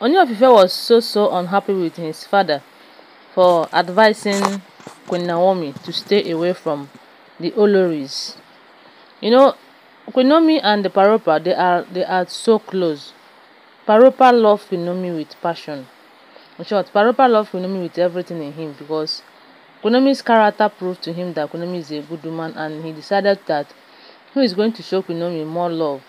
Oniofife was so so unhappy with his father for advising Queen Naomi to stay away from the Oloris. You know, Naomi and the Paropa, they are, they are so close. Paropa loved Quinomi with passion. In short, Paropa loved Naomi with everything in him because Naomi's character proved to him that Naomi is a good woman and he decided that he is going to show Naomi more love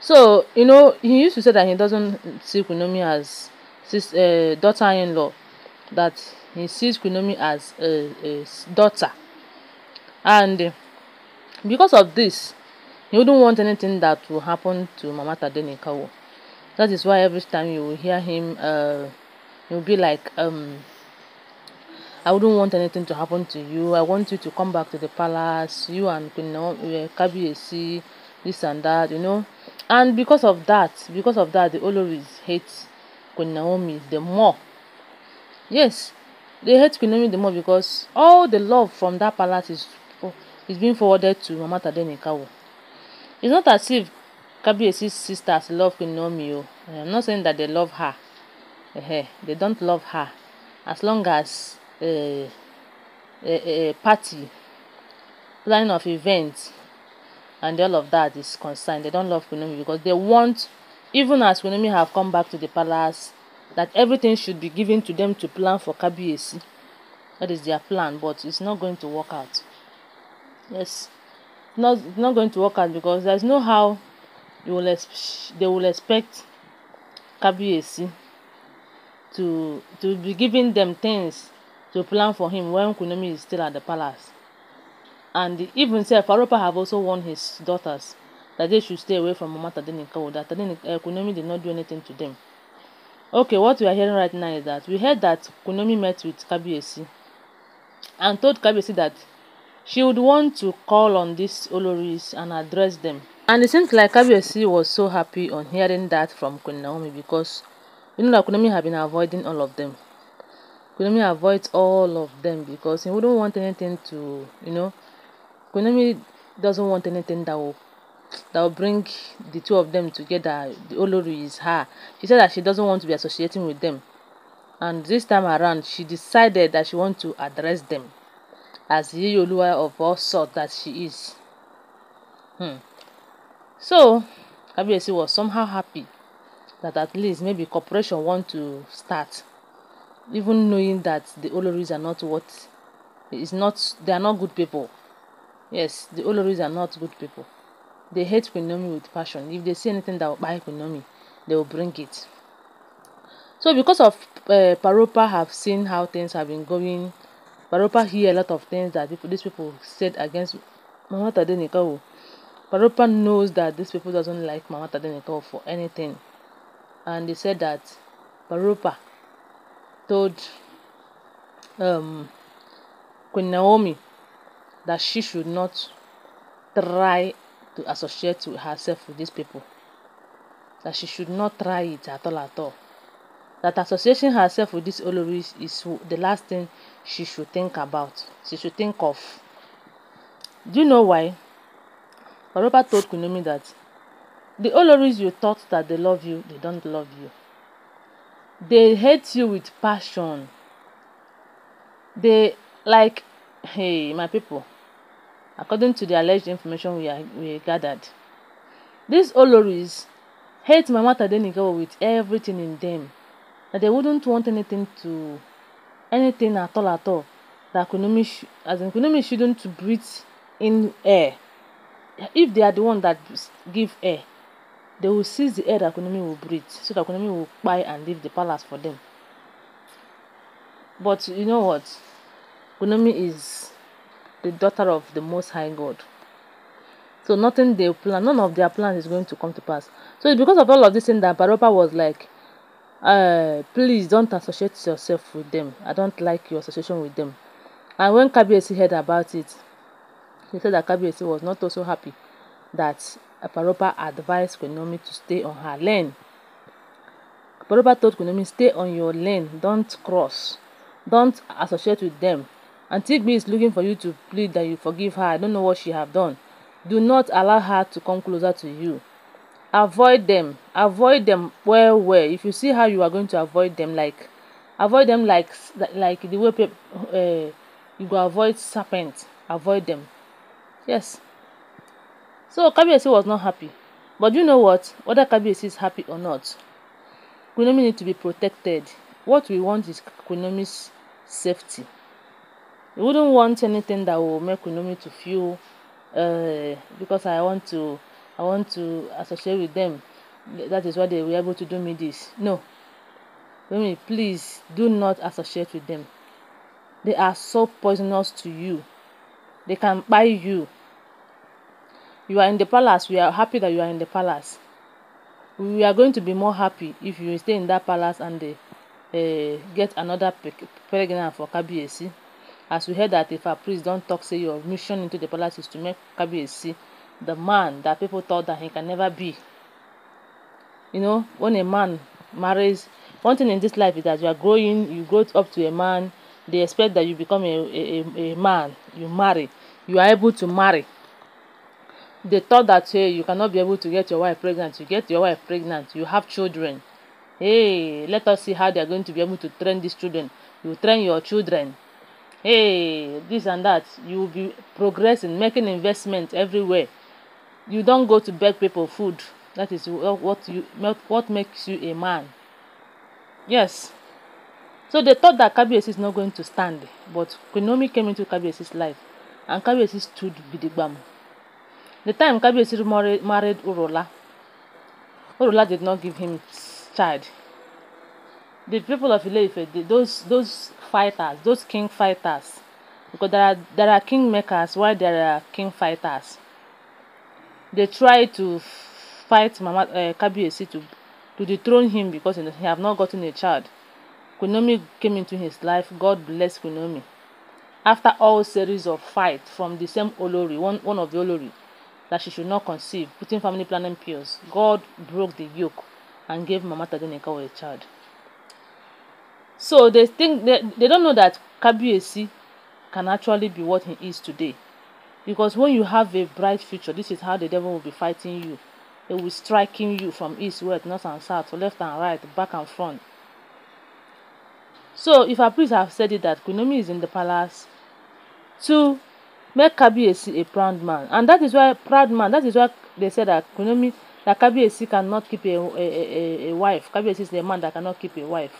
so, you know, he used to say that he doesn't see Kunomi as his uh, eh, daughter in law, that he sees Kunomi as a, a daughter. And eh, because of this, he wouldn't want anything that will happen to Mama Tadene Kawo. That is why every time you hear him, uh, eh, he'll be like, um, I wouldn't want anything to happen to you. I want you to come back to the palace. You and Queen Kabi, this and that, you know. And because of that, because of that, the always hate Queen Naomi the more. Yes, they hate Queen Naomi the more because all the love from that palace is is being forwarded to Mama Tadeni It's not as if Kabiesi's sisters love Queen Naomi. Oh. I'm not saying that they love her. They don't love her. As long as a, a, a party, line of events, and all of that is concerned. They don't love Kunumi because they want, even as Kunumi have come back to the palace, that everything should be given to them to plan for Kabiyesi. That is their plan, but it's not going to work out. Yes, not not going to work out because there's no how you will they will expect Kabiyesi to to be giving them things to plan for him when Kunumi is still at the palace and even self Aropa have also warned his daughters that they should stay away from Mama Tadenikawo, that Tadenik, eh, Kunomi did not do anything to them. Okay, what we are hearing right now is that we heard that Kunomi met with Kabiesi and told Kabiesi that she would want to call on these Oloris and address them. And it seems like Kabiesi was so happy on hearing that from Queen Naomi because you know that Kunomi had been avoiding all of them. Kunomi avoids all of them because he wouldn't want anything to, you know, Koinomi doesn't want anything that will that will bring the two of them together. The Oloru is her. She said that she doesn't want to be associating with them. And this time around, she decided that she wants to address them as the Yoluwa of all sorts that she is. Hmm. So, Kabiyesi was somehow happy that at least maybe corporation want to start, even knowing that the Oloris are not what is not they are not good people. Yes, the Oloris are not good people. They hate Naomi with passion. If they see anything that will buy Kunomi, they will bring it. So because of uh, Paropa have seen how things have been going, Paropa hear a lot of things that people, these people said against Mama Tadenikawo. Paropa knows that these people doesn't like Mama Tadenikawo for anything. And they said that Paropa told um, Queen Naomi that she should not try to associate to herself with these people. That she should not try it at all at all. That associating herself with these Oloris is the last thing she should think about. She should think of. Do you know why? Oropa told Kunimi that the Oloris you thought that they love you, they don't love you. They hate you with passion. They like, hey, my people. according to the alleged information we, are, we gathered. These Oloris hate Mama go with everything in them, that they wouldn't want anything to anything at all at all. That Kunumi, sh- as in Kunumi shouldn't breathe in air. If they are the one that give air, they will seize the air that Kunumi will breathe, so that Kunumi will buy and leave the palace for them. But you know what? Kunumi is the daughter of the Most High God. So nothing they plan, none of their plans is going to come to pass. So it's because of all of this thing that Baropa was like, uh, please don't associate yourself with them. I don't like your association with them. And when Kabiesi heard about it, he said that Kabiesi was not also happy that Paropa advised Konomi to stay on her lane. Paropa told Konomi, stay on your lane, don't cross, don't associate with them. And Tigbe is looking for you to plead that you forgive her. I don't know what she have done. Do not allow her to come closer to you. Avoid them. Avoid them well, well. If you see how you are going to avoid them, like avoid them like like the way people, uh, you go avoid serpent. Avoid them. Yes. So Kabiyesi was not happy. But you know what? Whether Kabiyesi is happy or not, Kunomi need to be protected. What we want is Kunomi's safety. You wouldn't want anything that will make me to feel uh, because I want to I want to associate with them. That is why they were able to do me this. No. Women, please do not associate with them. They are so poisonous to you. They can buy you. You are in the palace. We are happy that you are in the palace. We are going to be more happy if you stay in that palace and they, uh, uh, get another pregnant for KBAC as we heard that if a priest not talk say your mission into the palace is to make see the man that people thought that he can never be you know when a man marries one thing in this life is that you are growing you grow up to a man they expect that you become a a a, a man you marry you are able to marry they thought that hey you cannot be able to get your wife pregnant you get your wife pregnant you have children hey let us see how they are going to be able to train these children you train your children hey this and that you will be progressing making investment everywhere you don go to beg people food that is what you what makes you a man yes so they thought that kabiyesi is not going to stand but Queen came into kabiyesi's life and kabiyesi stood gbidigbam the time kabiyesi married urola urola did not give him child the people of Iléfé, the, those those fighters, those king fighters, because there are there are kingmakers while there are king fighters. They try to fight Mama uh, Kabiyesi to to dethrone him because he have not gotten a child. Kunomi came into his life. God bless Kunomi. After all series of fight from the same Olori, one one of the Olori, that she should not conceive, putting family planning pills, God broke the yoke and gave Mama Tadenikawa a child. So they think they, they don't know that Kabiesi can actually be what he is today. Because when you have a bright future, this is how the devil will be fighting you. He will be striking you from east, west, north and south, left and right, back and front. So if I please have said it that Kunomi is in the palace to make Kabiesi a proud man. And that is why proud man, that is why they said that Kunomi that Kabiesi cannot keep a, a, a, a wife. Kabiesi is the man that cannot keep a wife.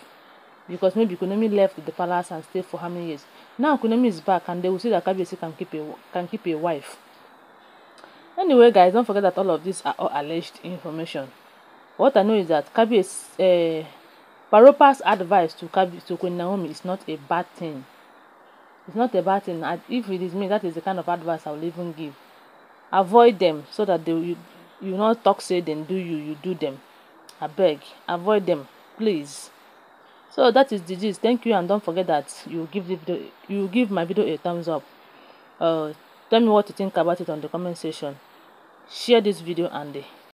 because maybe Konami left the palace and stayed for how many years. Now Konami is back and they will see that Kabiyesi can keep a can keep a wife. Anyway, guys, don't forget that all of these are all alleged information. What I know is that Kabiyesi uh, Paropa's advice to Kabi to Queen Naomi is not a bad thing. It's not a bad thing. If it is me, that is the kind of advice I will even give. Avoid them so that they you you not talk say then do you you do them. I beg, avoid them, please. So that is the gist. Thank you and don't forget that you give the video, you give my video a thumbs up. Uh, tell me what you think about it on the comment section. Share this video and uh,